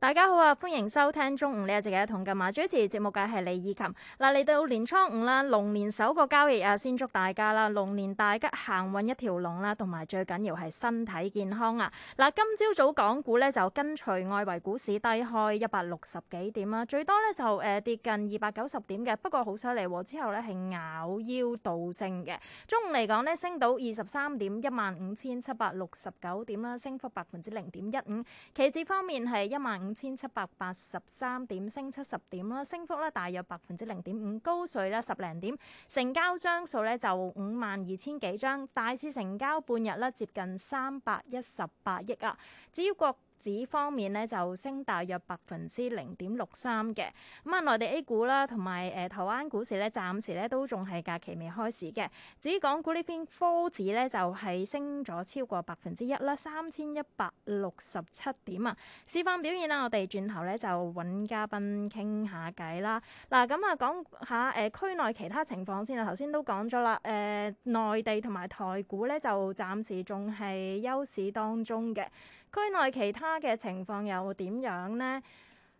大家好啊，歡迎收聽中午呢一節嘅《同金馬》，主持節目嘅係李以琴。嗱，嚟到年初五啦，龍年首個交易啊，先祝大家啦，龍年大吉，行運一條龍啦，同埋最緊要係身體健康啊！嗱，今朝早港股呢，就跟隨外圍股市低開一百六十幾點啦，最多呢就誒跌近二百九十點嘅，不過好犀利，之後呢係拗腰倒升嘅。中午嚟講呢，升到二十三點一萬五千七百六十九點啦，升幅百分之零點一五。期指方面係一萬五。五千七百八十三點，升七十點啦，升幅咧大約百分之零點五，高水啦十零點，成交張數咧就五萬二千幾張，大市成交半日咧接近三百一十八億啊，至於國指方面咧就升大約百分之零點六三嘅咁啊，內地 A 股啦，同埋誒台灣股市咧，暫時咧都仲係假期未開市嘅。至於港股呢邊，科指咧就係、是、升咗超過百分之一啦，三千一百六十七點啊。市況表現啦，我哋轉頭咧就揾嘉賓傾下偈啦。嗱，咁啊講下誒、呃、區內其他情況先啊。頭先都講咗啦，誒、呃、內地同埋台股咧就暫時仲係休市當中嘅。區內其他嘅情況又點樣呢？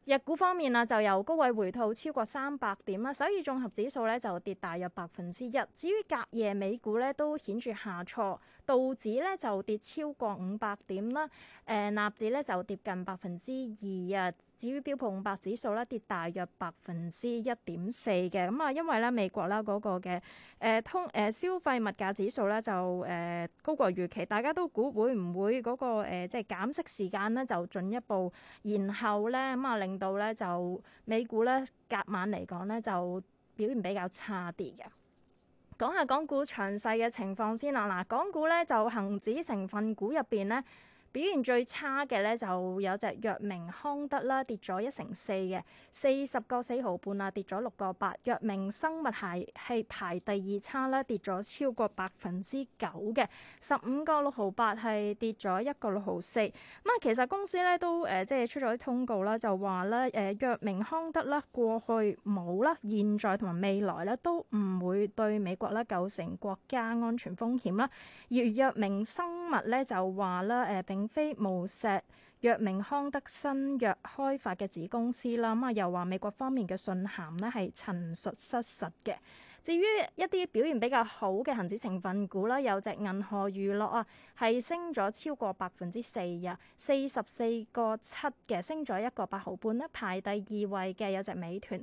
日股方面啊，就由高位回吐超過三百點啦，所以綜合指數咧就跌大約百分之一。至於隔夜美股咧都顯著下挫，道指咧就跌超過五百點啦，誒、呃、納指咧就跌近百分之二。至於標普五百指數咧跌大約百分之一點四嘅，咁啊，因為咧美國啦嗰個嘅誒、呃、通誒、呃、消費物價指數咧就誒高過預期，大家都估會唔會嗰、嗰個、呃、即係減息時間咧就進一步延後咧，咁啊令到咧就美股咧隔晚嚟講咧就表現比較差啲嘅。講下港股詳細嘅情況先啦、啊，嗱、呃，港股咧就恆指成分股入邊咧。表現最差嘅咧，就有隻藥明康德啦，跌咗一成四嘅；四十個四毫半啊，跌咗六個八。藥明生物係排第二差啦，跌咗超過百分之九嘅；十五個六毫八係跌咗一個六毫四。咁啊，其實公司咧都即係、呃就是、出咗啲通告啦，就話咧藥明康德啦，過去冇啦，現在同埋未來咧都唔會對美國咧構成國家安全風險啦。而藥明生物咧就話咧誒並並非無錫藥明康德新藥開發嘅子公司啦。咁啊，又話美國方面嘅信函呢係陳述失實嘅。至於一啲表現比較好嘅恒指成分股啦，有隻銀河娛樂啊，係升咗超過百分之四啊，四十四個七嘅，的升咗一個八毫半啦。排第二位嘅有隻美團，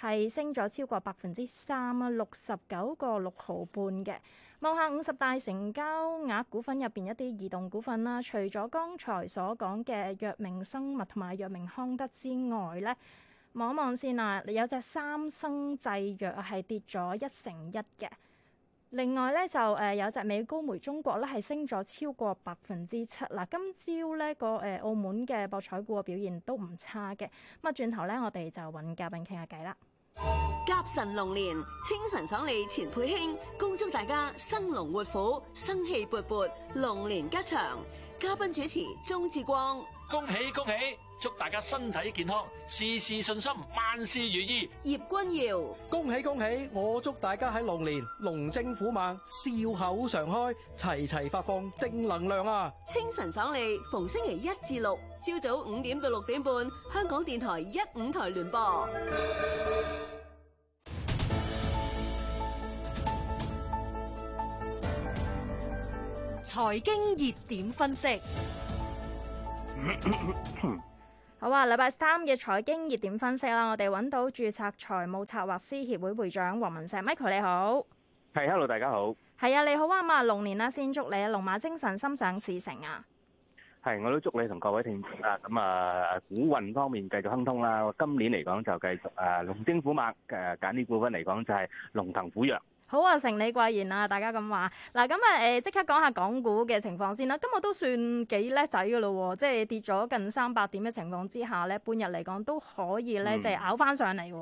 係升咗超過百分之三啊，六十九個六毫半嘅。望下五十大成交額股份入邊一啲移動股份啦，啊，除咗剛才所講嘅藥明生物同埋藥明康德之外呢，望一望先啊，有隻三生製藥係跌咗一成一嘅。另外呢，就誒有隻美高梅中國呢係升咗超過百分之七啦。今朝呢個誒澳門嘅博彩股嘅表現都唔差嘅，咁啊轉頭咧我哋就揾嘉賓傾下偈啦。甲辰龍年，清晨爽利，錢佩卿，恭祝大家生龍活虎，生氣勃勃，龍年吉祥。嘉賓主持鍾志光，恭喜恭喜，祝大家身體健康，事事順心，萬事如意。葉君堯，恭喜恭喜，我祝大家喺龍年龍精虎猛，笑口常開，齊齊發放正能量啊！清晨爽利，逢星期一至六，朝早五點到六點半，香港電台一五台聯播。財經熱點分析，好啊！禮拜三嘅財經熱點分析啦，我哋搵到註冊財務策劃師協會會長黃敏碩，Michael 你好，係，hello，大家好，係啊，你好啊嘛，龍年啊，先祝你龍馬精神，心想事成啊！係，我都祝你同各位聽眾啊，咁啊，股運方面繼續亨通啦。今年嚟講就繼續誒，龍精虎猛，誒，揀啲股份嚟講就係龍騰虎躍。好啊，承你貴言啊，大家咁話嗱，咁啊，誒、呃，即刻講下港股嘅情況先啦。今日都算幾叻仔噶咯，即係跌咗近三百點嘅情況之下咧，半日嚟講都可以咧，即係拗翻上嚟。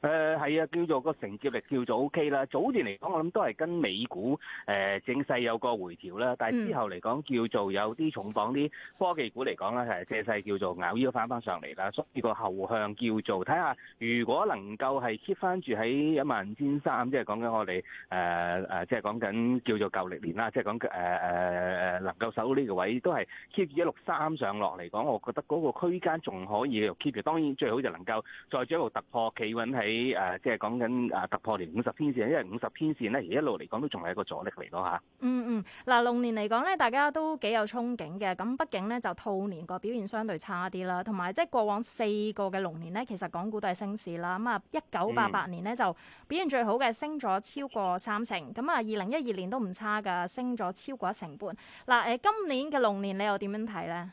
誒係、呃、啊，叫做個承接力叫做 O、OK、K 啦。早段嚟講，我諗都係跟美股誒整勢有個回調啦。但係之後嚟講，叫做有啲重磅啲科技股嚟講咧，係借勢叫做咬腰翻翻上嚟啦。所以個後向叫做睇下，看看如果能夠係 keep 翻住喺一萬五千三，即係講緊我哋誒即係講緊叫做舊歷年啦，即係講誒能夠守呢個位置都係 keep 住一六三上落嚟講，我覺得嗰個區間仲可以 keep 住。當然最好就能夠再進一步突破企穩係。喺誒，即係講緊誒突破年五十天線，因為五十天線咧，而一路嚟講都仲係一個阻力嚟咯吓。嗯嗯，嗱，龍年嚟講咧，大家都幾有憧憬嘅。咁畢竟咧，就兔年個表現相對差啲啦，同埋即係過往四個嘅龍年咧，其實港股都係升市啦。咁啊，一九八八年咧就表現最好嘅，升咗超過三成。咁啊，二零一二年都唔差噶，升咗超過一成半。嗱，誒，今年嘅龍年你又點樣睇咧？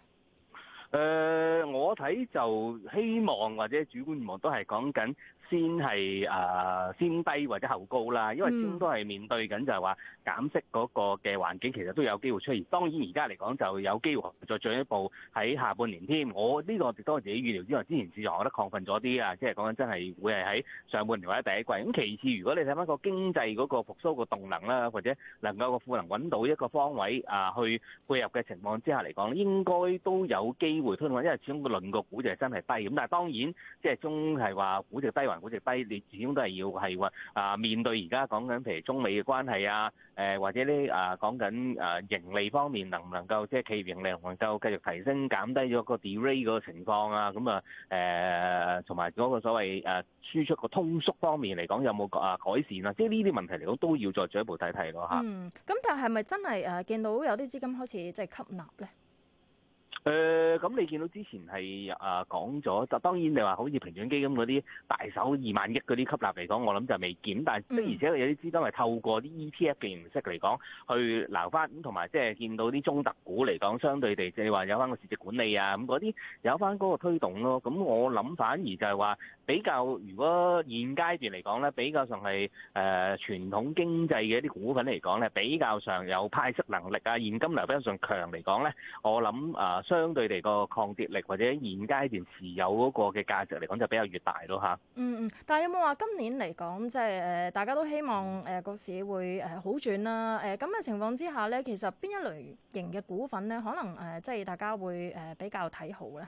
誒，我睇就希望或者主觀望都係講緊。先係誒先低或者後高啦，因為始終都係面對緊就係話減息嗰個嘅環境，其實都有機會出現。當然而家嚟講就有機會再進一步喺下半年添。我呢個亦都係自己預料之外，之前市場我覺得亢奮咗啲啊，即係講緊真係會係喺上半年或者第一季。咁其次，如果你睇翻個經濟嗰個復甦個動能啦，或者能夠個富能揾到一個方位啊去配合嘅情況之下嚟講，應該都有機會推，因為始終個輪個股就係真係低咁，但係當然即係中係話估值低估值低，你始終都係要係話啊，面對而家講緊，譬如中美嘅關係啊，誒或者呢啊講緊誒盈利方面，能唔能夠即係企業盈利能夠繼續提升，減低咗個 de-rate 嗰個情況啊，咁啊誒同埋嗰個所謂誒輸出個通縮方面嚟講，有冇啊改善啊？即係呢啲問題嚟講，都要再進一步睇睇咯嚇。啊、嗯，咁但係咪真係誒見到有啲資金開始即係吸納咧？誒咁、呃、你見到之前係啊講咗，就當然你話好似平準基金嗰啲大手二萬億嗰啲吸納嚟講，我諗就未見，但係即而且有啲資金係透過啲 ETF 嘅形式嚟講去留翻，咁同埋即係見到啲中特股嚟講，相對地即係話有翻個市值管理啊，咁嗰啲有翻嗰個推動咯、啊。咁我諗反而就係話比較，如果現階段嚟講咧，比較上係誒、呃、傳統經濟嘅一啲股份嚟講咧，比較上有派息能力啊，現金流比較上強嚟講咧，我諗啊。呃相對嚟個抗跌力或者現階段持有嗰個嘅價值嚟講就比較越大咯吓。嗯嗯，但係有冇話今年嚟講即係誒，就是、大家都希望誒個市會誒好轉啦、啊。誒咁嘅情況之下咧，其實邊一類型嘅股份咧，可能誒即係大家會誒比較睇好咧？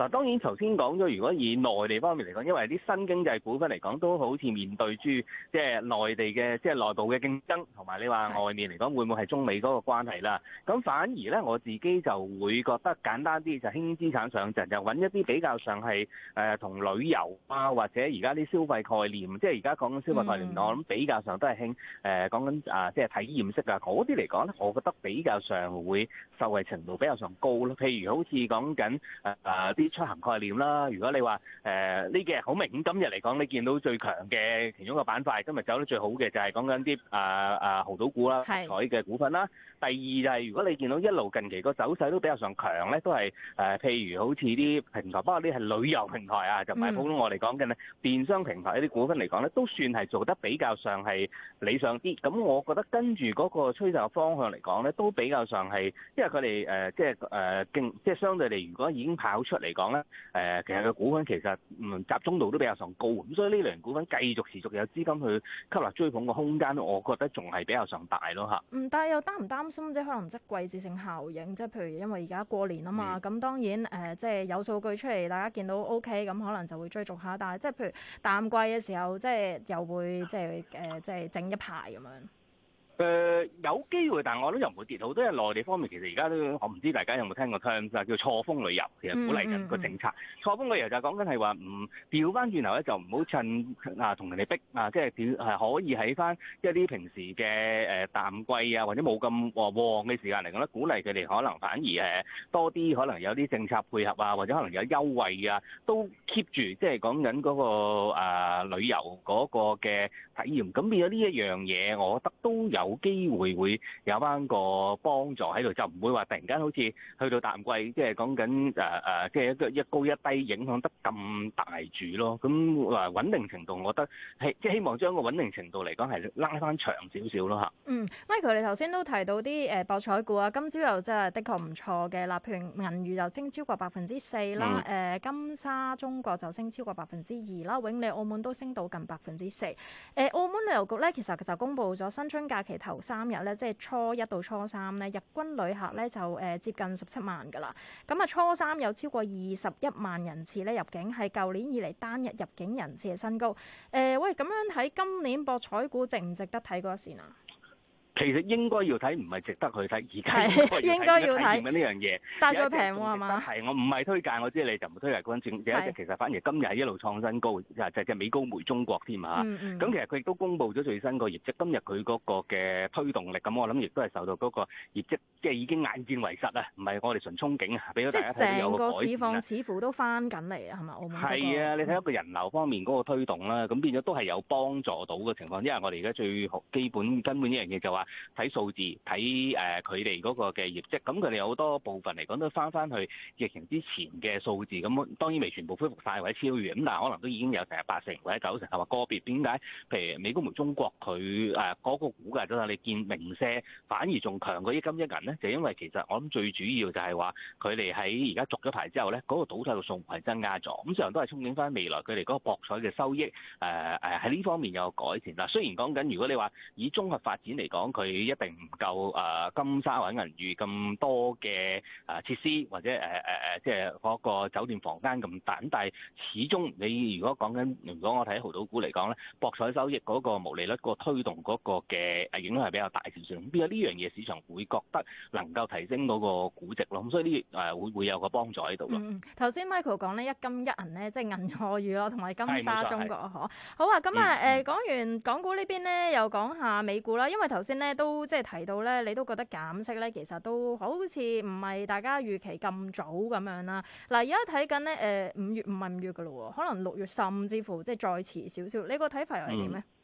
嗱，當然頭先講咗，如果以內地方面嚟講，因為啲新經濟股份嚟講，都好似面對住即係內地嘅即係內部嘅競爭，同埋你話外面嚟講會唔會係中美嗰個關係啦？咁反而咧，我自己就會覺得簡單啲就輕資產上陣，就搵一啲比較上係誒同旅遊啊，或者而家啲消費概念，即係而家講緊消費概念，我諗比較上都係興誒講緊啊，即係體驗式啊嗰啲嚟講咧，我覺得比較上會受惠程度比較上高咯。譬如好似講緊誒啲。出行概念啦，如果你話誒呢幾日好明顯，今日嚟講你見到最強嘅其中一個板塊，今日走得最好嘅就係講緊啲啊啊濠賭股啦，台嘅股份啦。第二就係如果你見到一路近期個走勢都比較上強咧，都係誒譬如好似啲平台，包括啲係旅遊平台啊，就唔係普通我嚟講嘅咧，電商平台一啲股份嚟講咧，都算係做得比較上係理想啲。咁我覺得跟住嗰個趨勢嘅方向嚟講咧，都比較上係，因為佢哋誒即係誒經即係相對嚟，如果已經跑出嚟。講咧，誒，其實個股份其實唔集中度都比較上高，咁所以呢兩股份繼續持續有資金去吸納追捧個空間，我覺得仲係比較上大咯吓。嗯，但係又擔唔擔心，即係可能即係季節性效應，即係譬如因為而家過年啊嘛，咁、嗯、當然誒、呃，即係有數據出嚟，大家見到 OK，咁可能就會追逐下，但係即係譬如淡季嘅時候，即係又會即係誒，即係、呃、整一排咁樣。誒有機會，但係我覺得又唔會跌。好多係內地方面，其實而家都我唔知大家有冇聽過 terms 叫錯峯旅遊，其實鼓勵緊個政策。錯峯旅遊就係講緊係話唔調翻轉頭咧，就唔好趁啊，同人哋逼啊，即係調係可以喺翻一啲平時嘅誒淡季啊，或者冇咁旺嘅時間嚟講咧，鼓勵佢哋可能反而誒多啲，可能有啲政策配合啊，或者可能有優惠啊，都 keep 住即係講緊嗰個誒旅遊嗰個嘅體驗。咁變咗呢一樣嘢，我覺得都有。冇機會會有翻個幫助喺度，就唔會話突然間好似去到淡季，即係講緊誒誒，即係一個一高一低影響得咁大住咯。咁嗱穩定程度，我覺得希即係希望將個穩定程度嚟講係拉翻長少少咯嚇。嗯，Michael 你頭先都提到啲誒博彩股啊，今朝又真係的確唔錯嘅，嗱譬如銀娛就升超過百分之四啦，誒金沙中國就升超過百分之二啦，永利澳門都升到近百分之四。誒澳門旅遊局咧，其實就公布咗新春假期。頭三日咧，即係初一到初三咧，日均旅客咧就誒、呃、接近十七萬噶啦。咁啊，初三有超過二十一萬人次咧入境，係舊年以嚟單日入境人次嘅新高。誒、呃，喂，咁樣睇今年博彩股值唔值得睇嗰一線啊？其實應該要睇，唔係值得去睇。而家應該要睇嘅呢樣嘢，但係再平喎係嘛？係我唔係推介，我知你就唔推介。乾淨第一隻其實反而今日係一路創新高，就係、是、隻美高梅中國添嚇。咁、嗯嗯、其實佢亦都公布咗最新個業績，今日佢嗰個嘅推動力，咁我諗亦都係受到嗰個業績，即係已經眼見為實啊，唔係我哋純憧憬啊，俾咗大家睇到個改變啦。即係成個市況似乎都翻緊嚟係嘛？係、那個、啊，你睇一個人流方面嗰個推動啦，咁變咗都係有幫助到嘅情況。因為我哋而家最基本根本一樣嘢就話、是。睇數字，睇誒佢哋嗰個嘅業績，咁佢哋好多部分嚟講都翻翻去疫情之前嘅數字，咁當然未全部恢復晒或者超越，咁但係可能都已經有成八成或者九成係話個別，點解？譬如美國同中國佢誒嗰個股價都係你見名些，反而仲強過一金一銀咧，就因為其實我諗最主要就係話佢哋喺而家續咗牌之後咧，嗰個倒數嘅數目係增加咗，咁所有人都係憧憬翻未來佢哋嗰個博彩嘅收益誒誒喺呢方面有改善。嗱，雖然講緊如果你話以綜合發展嚟講，佢一定唔夠誒金沙或者銀娛咁多嘅誒設施，或者誒誒誒，即係嗰個酒店房間咁大，但係始終你如果講緊，如果我睇喺濠賭股嚟講咧，博彩收益嗰個毛利率個推動嗰個嘅影響係比較大少少。邊有呢樣嘢市場會覺得能夠提升嗰個估值咯？咁所以呢誒會會有個幫助喺度咯。頭先 Michael 講咧一金一銀咧，即係銀河娛咯，同埋金沙中國咯，嗬。好啊，咁啊誒講完港股呢邊咧，又講下美股啦，因為頭先。咧都即係提到咧，你都覺得減息咧，其實都好似唔係大家預期咁早咁樣啦。嗱，而家睇緊咧，誒五月五月五月噶咯喎，可能六月甚至乎即係再遲少少，你個睇法又係點咧？嗯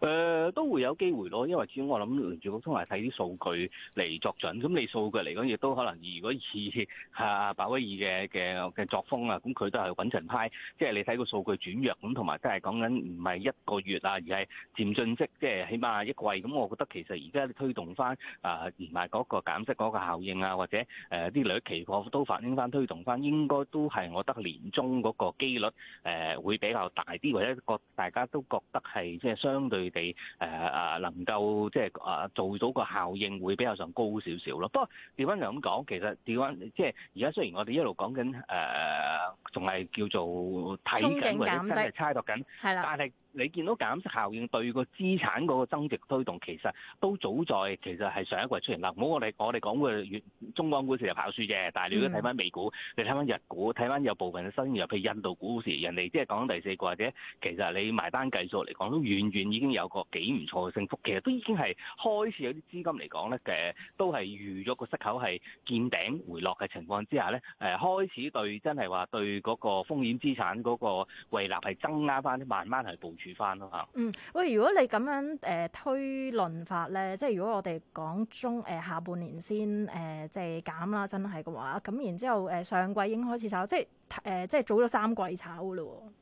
誒、呃、都會有機會咯，因為始終我諗住股通係睇啲數據嚟作準。咁你數據嚟講，亦都可能如果以阿鮑、啊、威爾嘅嘅嘅作風啊，咁佢都係穩陣派。即、就、係、是、你睇個數據轉弱，咁同埋都係講緊唔係一個月啊，而係漸進式，即、就、係、是、起碼一季。咁我覺得其實而家推動翻啊，連埋嗰個減息嗰個效應啊，或者誒啲、啊、兩期貨都反映翻推動翻，應該都係我覺得年中嗰個機率誒、啊、會比較大啲，或者覺大家都覺得係即係相對。佢哋誒誒能夠即係誒做到個效應會比較上高少少咯。不過調翻嚟咁講，其實調翻即係而家雖然我哋一路講緊誒，仲、呃、係叫做睇緊或者真係猜度緊，係啦，但係是。你見到減息效應對個資產嗰個增值推動，其實都早在其實係上一季出現啦。唔好我哋我哋講過月中港股市又跑輸啫。但係你如果睇翻美股，你睇翻日股，睇翻有部分嘅新興，譬如印度股市，人哋即係講第四季或者其實你埋單計數嚟講，都遠遠已經有個幾唔錯嘅升幅。其實都已經係開始有啲資金嚟講咧嘅，都係預咗個息口係見頂回落嘅情況之下咧，誒開始對真係話對嗰個風險資產嗰個維立係增加翻，慢慢係部署。翻咯吓，嗯，喂，如果你咁樣、呃、推論法咧，即係如果我哋講中、呃、下半年先誒、呃、即係減啦，真係嘅話，咁然之後、呃、上季已經開始炒，即係、呃、即係早咗三季炒嘅咯、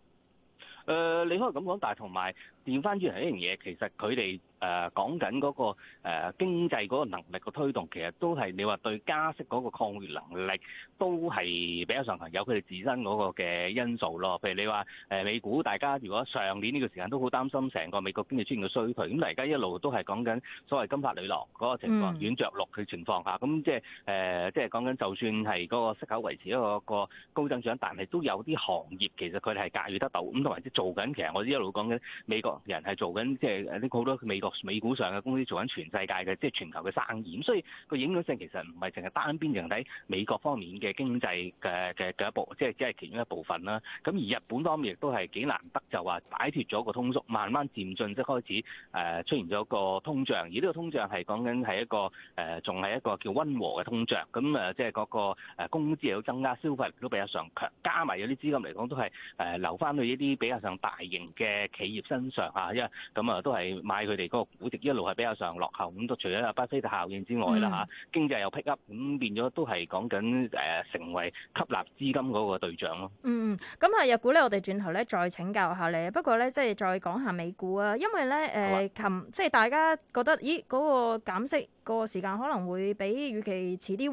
呃。你可以咁講，但係同埋調翻轉係一樣嘢，其實佢哋。誒講緊嗰個誒經濟嗰個能力嘅推動，其實都係你話對加息嗰個抗禦能力都係比較上行，有佢哋自身嗰個嘅因素咯。譬如你話誒美股，大家如果上年呢個時間都好擔心成個美國經濟出現個衰退，咁但係而家一路都係講緊所謂金髮女郎嗰個情況，軟著陸嘅情況下。咁即係誒，即係講緊就算係嗰個息口維持一個個高增長，但係都有啲行業其實佢哋係駕馭得到。咁同埋即係做緊，其實我一路講緊美國人係做緊，即係啲好多美國。美股上嘅公司做緊全世界嘅，即係全球嘅生意，咁所以個影響性其實唔係淨係單邊淨睇美國方面嘅經濟嘅嘅嘅一部，即係只係其中一部分啦。咁而日本方面亦都係幾難得就話擺脫咗個通縮，慢慢漸進，即係開始誒出現咗個通脹，而呢個通脹係講緊係一個誒仲係一個叫溫和嘅通脹，咁誒即係嗰個誒工資有增加，消費都比較強上強，加埋咗啲資金嚟講都係誒留翻去一啲比較上大型嘅企業身上嚇，因為咁啊都係買佢哋個估值一路係比較上落後，咁除咗阿巴菲特效應之外啦吓，嗯、經濟又 pick up，咁變咗都係講緊誒成為吸納資金嗰個對象咯。嗯，咁啊，日股咧，我哋轉頭咧再請教下你。不過咧，即係再講下美股啊，因為咧誒，琴、啊、即係大家覺得咦嗰、嗰個減息個時間可能會比預期遲啲。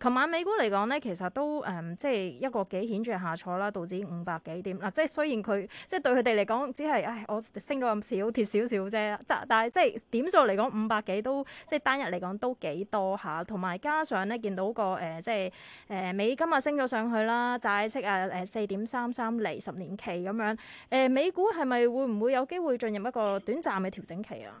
琴晚美股嚟講咧，其實都誒、嗯、即係一個幾顯著下挫啦，道指五百幾點嗱，即係雖然佢即係對佢哋嚟講，只係誒我升咗咁少，跌少少啫，但係。即係點數嚟講，五百幾都即係單日嚟講都幾多下，同埋加上咧見到個誒即係誒美金啊升咗上去啦，債息啊誒四點三三厘十年期咁樣誒，美股係咪會唔會有機會進入一個短暫嘅調整期啊？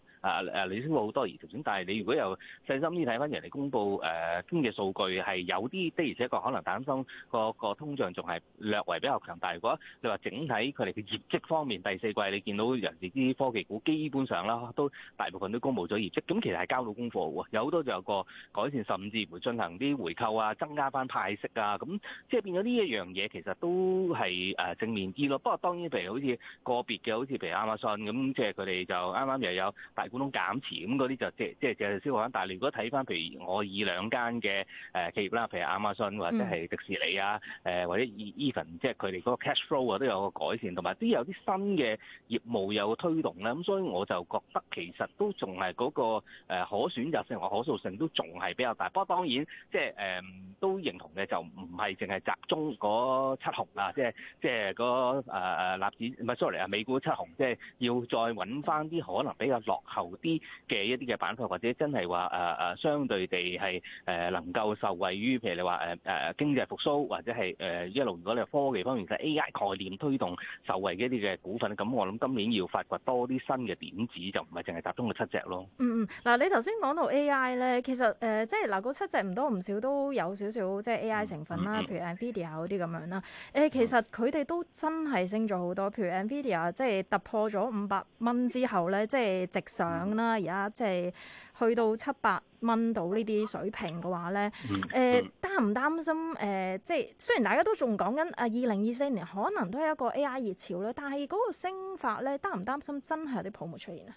誒誒，你先到好多而頭先，但係你如果有細心啲睇翻人哋公佈誒經濟數據，係有啲的，而且確可能擔心個通脹仲係略為比較強大。如果你話整體佢哋嘅業績方面，第四季你見到人哋啲科技股，基本上啦都大部分都公佈咗業績，咁其實係交到功課喎。有好多就有個改善，甚至乎進行啲回購啊，增加翻派息啊，咁即係變咗呢一樣嘢，其實都係誒正面啲咯。不過當然，譬如好似個別嘅，好似譬如亞馬遜咁，即係佢哋就啱啱又有大。股東減持，咁嗰啲就即係即係就係消化緊。但係你如果睇翻，譬如我以兩間嘅誒企業啦，譬如亞馬遜或者係迪士尼啊，誒或者以 Even，即係佢哋嗰個 cash flow 啊都有個改善，同埋都有啲新嘅業務有個推動啦。咁所以我就覺得其實都仲係嗰個可選擇性或可塑性都仲係比較大。不過當然即係誒都認同嘅就唔係淨係集中嗰七雄啊，即係即係嗰誒誒納指唔係 sorry 啊，美股七雄，即係要再揾翻啲可能比較落後啲嘅一啲嘅板塊，或者真係話誒誒相對地係誒能夠受惠於譬如你話誒誒經濟復甦，或者係誒一路如果你係科技方面嘅 AI 概念推動受惠嘅一啲嘅股份，咁我諗今年要發掘多啲新嘅點子，就唔係淨係集中個七隻咯。嗯嗯，嗱、嗯、你頭先講到 AI 咧，其實誒即係嗱個七隻唔多唔少都有少少即係 AI 成分啦，嗯嗯、譬如 Nvidia 嗰啲咁樣啦。誒其實佢哋都真係升咗好多，譬如 Nvidia 即係突破咗五百蚊之後咧，即係直上。啦，而家即係去到七百蚊到呢啲水平嘅話咧，誒，擔唔擔心？誒、呃，即係雖然大家都仲講緊啊，二零二四年可能都係一個 A. I. 熱潮咧，但係嗰個升法咧，擔唔擔心真係有啲泡沫出現啊？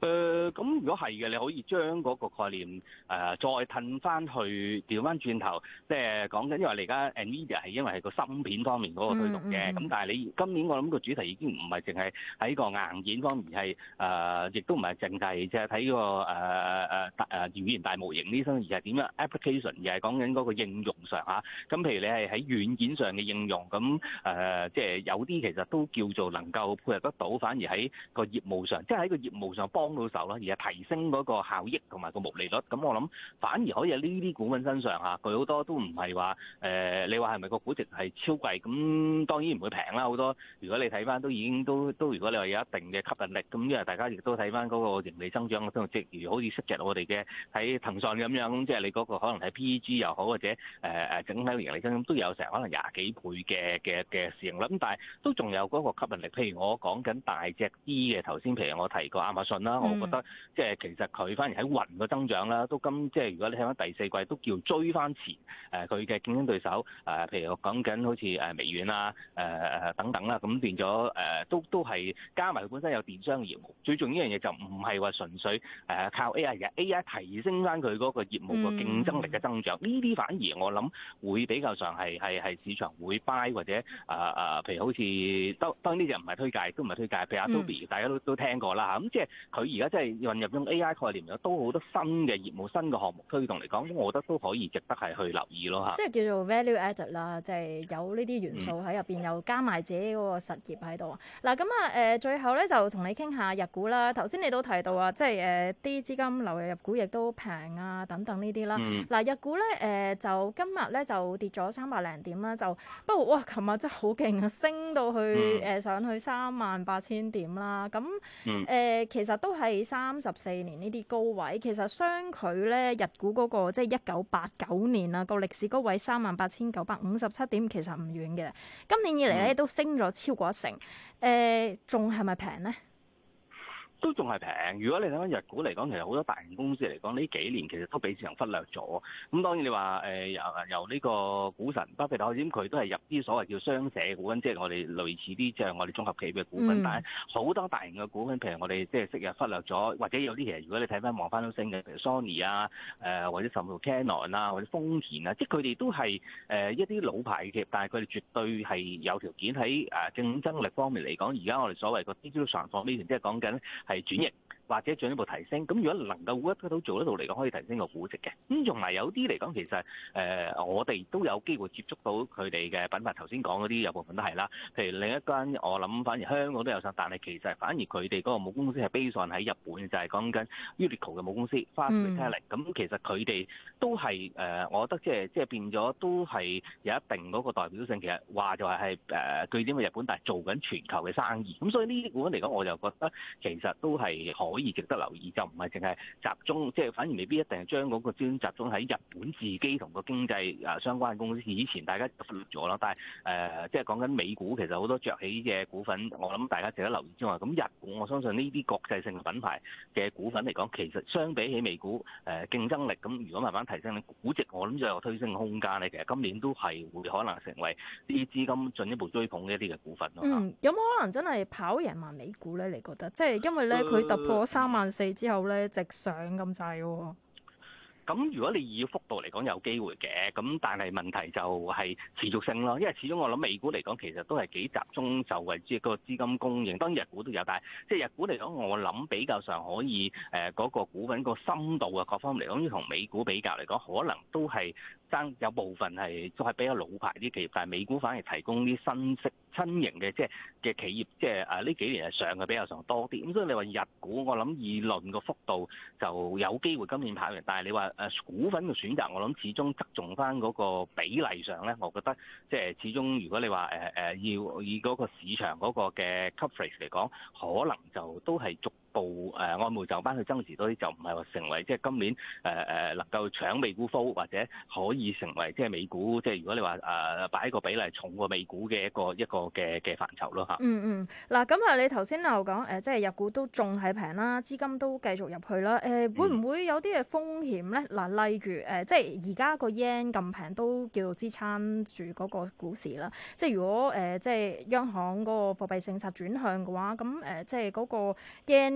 誒，咁、呃、如果係嘅，你可以將嗰個概念誒、呃、再褪翻去調翻轉頭，即係講緊，因為你而家 Nvidia 係因為係個芯片方面嗰個推動嘅，咁、嗯嗯、但係你今年我諗個主題已經唔係淨係喺個硬件方面係誒亦都唔係淨係即係睇個誒誒誒語言大模型呢啲，而係點樣 application，而係講緊嗰個應用上吓，咁、啊、譬如你係喺軟件上嘅應用，咁誒、呃、即係有啲其實都叫做能夠配合得到，反而喺個業務上，即係喺個業務上幫。幫到手啦，而係提升嗰個效益同埋個毛利率。咁我諗反而可以喺呢啲股份身上佢好多都唔係話誒，你話係咪個估值係超貴？咁當然唔會平啦，好多。如果你睇翻都已經都都，如果你話有一定嘅吸引力，咁因為大家亦都睇翻嗰個盈利增長嘅，都正如好似涉及我哋嘅喺騰訊咁樣，即係你嗰個可能喺 PEG 又好，或者誒誒整體盈利增長都有成可能廿幾倍嘅嘅嘅市盈啦。咁但係都仲有嗰個吸引力。譬如我講緊大隻啲嘅頭先，譬如我提過亞馬遜啦。我覺得即係其實佢反而喺雲嘅增長啦，都今即係如果你睇翻第四季，都叫追翻前誒佢嘅競爭對手誒，譬如我講緊好似誒微軟啦誒等等啦，咁變咗誒都都係加埋佢本身有電商的業務，最重要一樣嘢就唔係話純粹誒靠 A.I. 嘅 A.I. 提升翻佢嗰個業務個競爭力嘅增長，呢啲、嗯、反而我諗會比較上係係係市場會 buy 或者啊啊譬如好似當然呢啲就唔係推介，都唔係推介，譬如 Adobe 大家都都聽過啦嚇，咁即係佢。而家即係運用咗 AI 概念，也有都好多新嘅業務、新嘅項目推動嚟講，我覺得都可以值得係去留意咯嚇。即係叫做 value added 啦，即係有呢啲元素喺入邊，又、嗯、加埋自己嗰個實業喺度。嗱咁啊誒，最後咧就同你傾下日股啦。頭先你都提到啊，嗯、即係誒啲資金流入日股亦都平啊等等呢啲啦。嗱、嗯呃、日股咧誒、呃、就今日咧就跌咗三百零點啦，就不過哇琴日真係好勁啊，升到去誒、嗯呃、上去三萬八千點啦。咁誒、呃、其實都～都係三十四年呢啲高位，其實相距咧日股嗰個即係一九八九年啊，個歷史高位三萬八千九百五十七點，其實唔遠嘅。今年以嚟咧都升咗超過一成，誒仲係咪平咧？都仲係平。如果你睇翻日股嚟講，其實好多大型公司嚟講，呢幾年其實都俾市場忽略咗。咁當然你話誒、呃、由由呢個股神巴菲特開始，佢都係入啲所謂叫商社股份，即係我哋類似啲即係我哋綜合企業嘅股份。嗯、但係好多大型嘅股份，譬如我哋即係昔日忽略咗，或者有啲其實如果你睇翻望翻都升嘅，譬如 Sony 啊，誒、呃、或者甚至 Canon 啊，或者豐田啊，即係佢哋都係一啲老牌嘅企業，但係佢哋絕對係有條件喺誒競爭力方面嚟講，而家我哋所謂個 digital transformation 即係講緊轉型。或者進一步提升，咁如果能夠估得到做得到嚟講，可以提升個估值嘅。咁同埋有啲嚟講，其實誒、呃、我哋都有機會接觸到佢哋嘅品牌。頭先講嗰啲有部分都係啦，譬如另一間我諗反而香港都有上，但係其實反而佢哋嗰個母公司係 base on 喺日本，就係講緊 Uniqlo 嘅母公司翻 Fast、mm. Retailing 咁其實佢哋都係誒、呃，我覺得即係即係變咗都係有一定嗰個代表性。其實話就話係誒據點嘅日本，但係做緊全球嘅生意。咁所以呢啲股嚟講，我就覺得其實都係可以值得留意，就唔係淨係集中，即係反而未必一定將個資金集中喺日本自己同個經濟啊相關公司。以前大家忽略咗啦，但係誒，即係講緊美股，其實好多着起嘅股份，我諗大家值得留意之外，咁日股我相信呢啲國際性品牌嘅股份嚟講，其實相比起美股誒競爭力，咁如果慢慢提升，你估值我諗就有推升嘅空間咧。其實今年都係會可能成為啲資金進一步追捧嘅一啲嘅股份咯。嗯，有冇可能真係跑贏埋美股咧？你覺得？即係因為咧，佢突破。三萬四之後咧，直上咁滯。咁如果你以幅度嚟講，有機會嘅。咁但係問題就係持續性咯，因為始終我諗美股嚟講，其實都係幾集中就係即係個資金供應。當然日股都有，但係即係日股嚟講，我諗比較上可以誒，嗰、呃那個股份個深度啊，各方面嚟講，要同美股比較嚟講，可能都係爭有部分係都係比較老牌啲企業，但係美股反而提供啲新式。新型嘅即係嘅企業，即係誒呢幾年係上嘅比較上多啲，咁所以你話日股，我諗議論個幅度就有機會今年跑贏，但係你話誒股份嘅選擇，我諗始終側重翻嗰個比例上咧，我覺得即係始終如果你話誒誒要以嗰個市場嗰個嘅 coverage 嚟講，可能就都係逐。部誒外匯就班去增持多啲，就唔係話成為即係今年誒誒能夠搶美股鋪，或者可以成為即係美股，即係如果你話誒擺個比例重過美股嘅一個一個嘅嘅範疇咯嚇嗯嗯，嗱咁啊，你頭先又講誒，即係入股都仲係平啦，資金都繼續入去啦。誒，會唔會有啲嘅風險咧？嗱，例如誒，即係而家個 yen 咁平都叫做支撐住嗰個股市啦。即係如果誒，即係央行個個貨幣政策轉向嘅話，咁誒，即係嗰個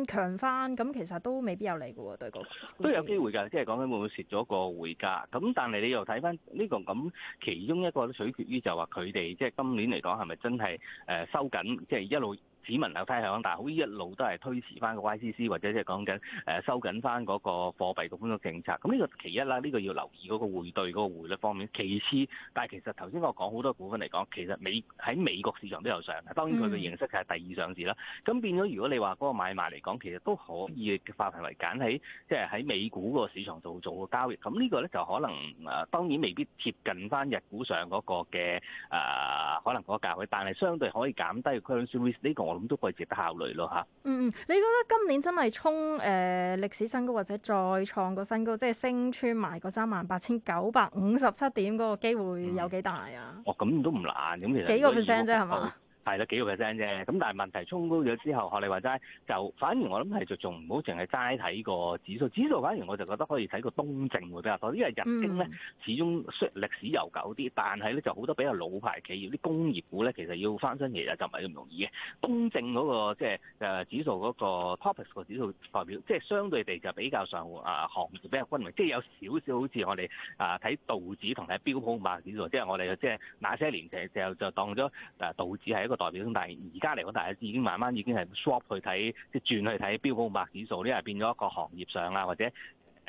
強翻，咁其實都未必有利嘅喎，對局都有機會㗎，即係講緊會唔會蝕咗個匯價。咁但係你又睇翻呢個咁，其中一個都取決於就話佢哋即係今年嚟講係咪真係誒收緊，即係一路。市民樓梯響，但係好似一路都係推遲翻個 YCC，或者即係講緊誒收緊翻嗰個貨幣嘅寬鬆政策。咁呢個其一啦，呢、呢個要留意嗰個匯兌嗰、嗰個匯率方面。其次，但係其實頭先我講好多股份嚟講，其實美喺美國市場都有上嘅，當然佢嘅形式係第二上市啦。咁變咗，如果你話嗰個買賣嚟講，其實都可以化繁為簡，喺即係喺美股個市場度做個交易。咁呢個咧就可能誒，當然未必貼近翻日股上嗰個嘅誒、呃、可能嗰個價位，但係相對可以減低 currency risk 呢個。咁都貴值得考慮咯嚇。嗯嗯，你覺得今年真係衝誒、呃、歷史新高或者再創個新高，即係升穿埋個三萬八千九百五十七點嗰、那個機會有幾大啊、嗯？哦，咁都唔難，咁其實幾個 percent 啫係嘛？是係啦，幾個 percent 啫。咁但係問題衝高咗之後，學你話齋，就反而我諗係就仲唔好淨係齋睇個指數。指數反而我就覺得可以睇個東證會比較多，因為日經咧始終歷歷史悠久啲，但係咧就好多比較老牌企業啲工業股咧，其實要翻新嘢就唔係咁容易嘅。東證嗰個即係誒指數嗰個 topix 個指數代表，即係相對地就比較上啊行業比較均勻，即係有少少好似我哋啊睇道指同睇標普五百指數，即係我哋即係那些年成就就當咗誒道指係一個。代表，但係而家嚟講，大家已經慢慢已經係 swap 去睇，即係轉去睇標普五百指數呢，係變咗一個行業上啊，或者。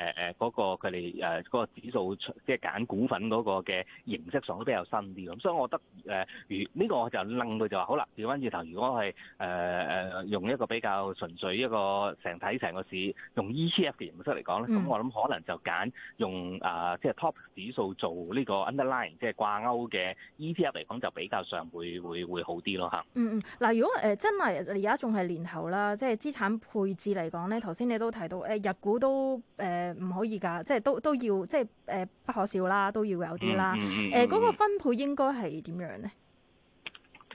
誒誒嗰個佢哋誒嗰個指數，即係揀股份嗰個嘅形式上都比較新啲，咁所以我覺得誒，如、呃、呢、這個我就諗佢就話，好啦，調翻轉頭，如果係誒誒用一個比較純粹一個成體成個市用 ETF 嘅形式嚟講咧，咁、嗯、我諗可能就揀用啊、呃，即係 Top 指數做呢個 Underline，即係掛鈎嘅 ETF 嚟講就比較上會會會好啲咯嚇。嗯嗯，嗱、呃、如果誒、呃、真係而家仲係年後啦，即係資產配置嚟講咧，頭先你都提到誒日、呃、股都誒。呃唔可以㗎，即係都都要，即係誒、呃、不可少啦，都要有啲啦。誒嗰、 呃嗰個分配應該係點樣咧？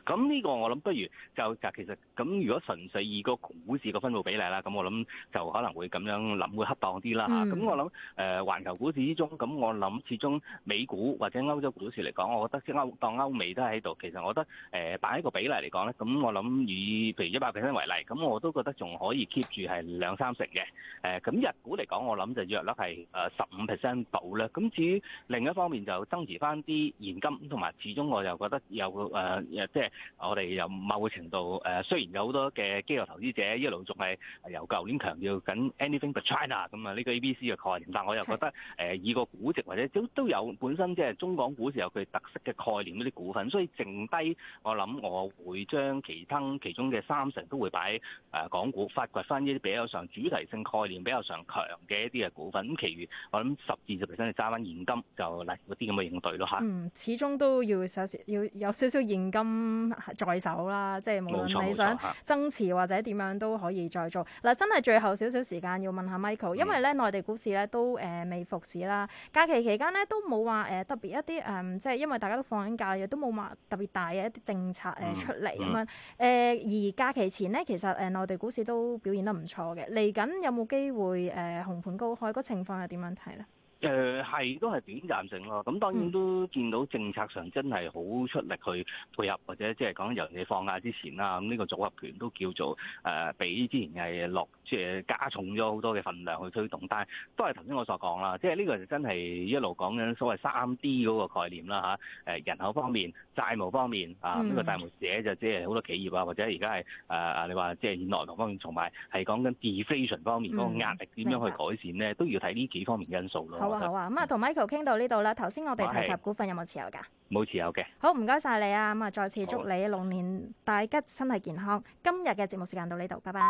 咁呢個我諗，不如就，就其實咁，如果純粹以個股市個分佈比例啦，咁我諗就可能會咁樣諗會恰當啲啦咁、mm. 我諗誒，環球股市之中，咁我諗始終美股或者歐洲股市嚟講，我覺得即歐當歐美都喺度。其實我覺得誒擺一個比例嚟講咧，咁我諗以譬如一百 percent 為例，咁我都覺得仲可以 keep 住係兩三成嘅。誒咁日股嚟講，我諗就約率係誒十五 percent 到啦。咁至於另一方面就增持翻啲現金，同埋始終我又覺得有即、呃就係我哋有某個程度誒，雖然有好多嘅機構投資者一路仲係由舊年強調緊 Anything but China 咁啊，呢個 A B C 嘅概念，但我又覺得誒，以個估值或者都都有本身即係中港股市有佢特色嘅概念嗰啲股份，所以剩低我諗我會將其他其中嘅三成都會擺誒港股，發掘翻呢啲比較上主題性概念比較上強嘅一啲嘅股份，咁其餘我諗十至二十 percent 揸翻現金就嗱嗰啲咁嘅應對咯嚇。嗯，始終都要少少要有少少現金。在手啦，即係無論你想增持或者點樣都可以再做嗱。真係最後少少時間要問下 Michael，、嗯、因為咧內地股市咧都誒未複市啦。假期期間咧都冇話誒特別一啲誒、嗯，即係因為大家都放緊假，亦都冇話特別大嘅一啲政策誒、呃、出嚟咁樣。誒、嗯嗯呃、而假期前咧，其實誒內、呃、地股市都表現得唔錯嘅。嚟緊有冇機會誒、呃、紅盤高開？嗰情況係點樣睇咧？誒係都係短暫性咯，咁當然都見到政策上真係好出力去配合，或者即係講由你放假之前啦，咁、這、呢個組合權都叫做誒比之前係落即係加重咗好多嘅份量去推動，但都係頭先我所講啦，即係呢個就真係一路講緊所謂三 D 嗰個概念啦吓，誒人口方面、債務方面、嗯、啊，呢、這個債務者就即係好多企業啊，或者而家係誒你話即係現內房方面，同埋係講緊 deflation 方面嗰個壓力點樣去改善咧，嗯、都要睇呢幾方面因素咯。好啊，咁啊同 Michael 傾到呢度啦。頭先我哋提及股份有冇持有㗎？冇持有嘅。好，唔該晒你啊！咁啊，再次祝你龍年大吉，身體健康。好今日嘅節目時間到呢度，拜拜。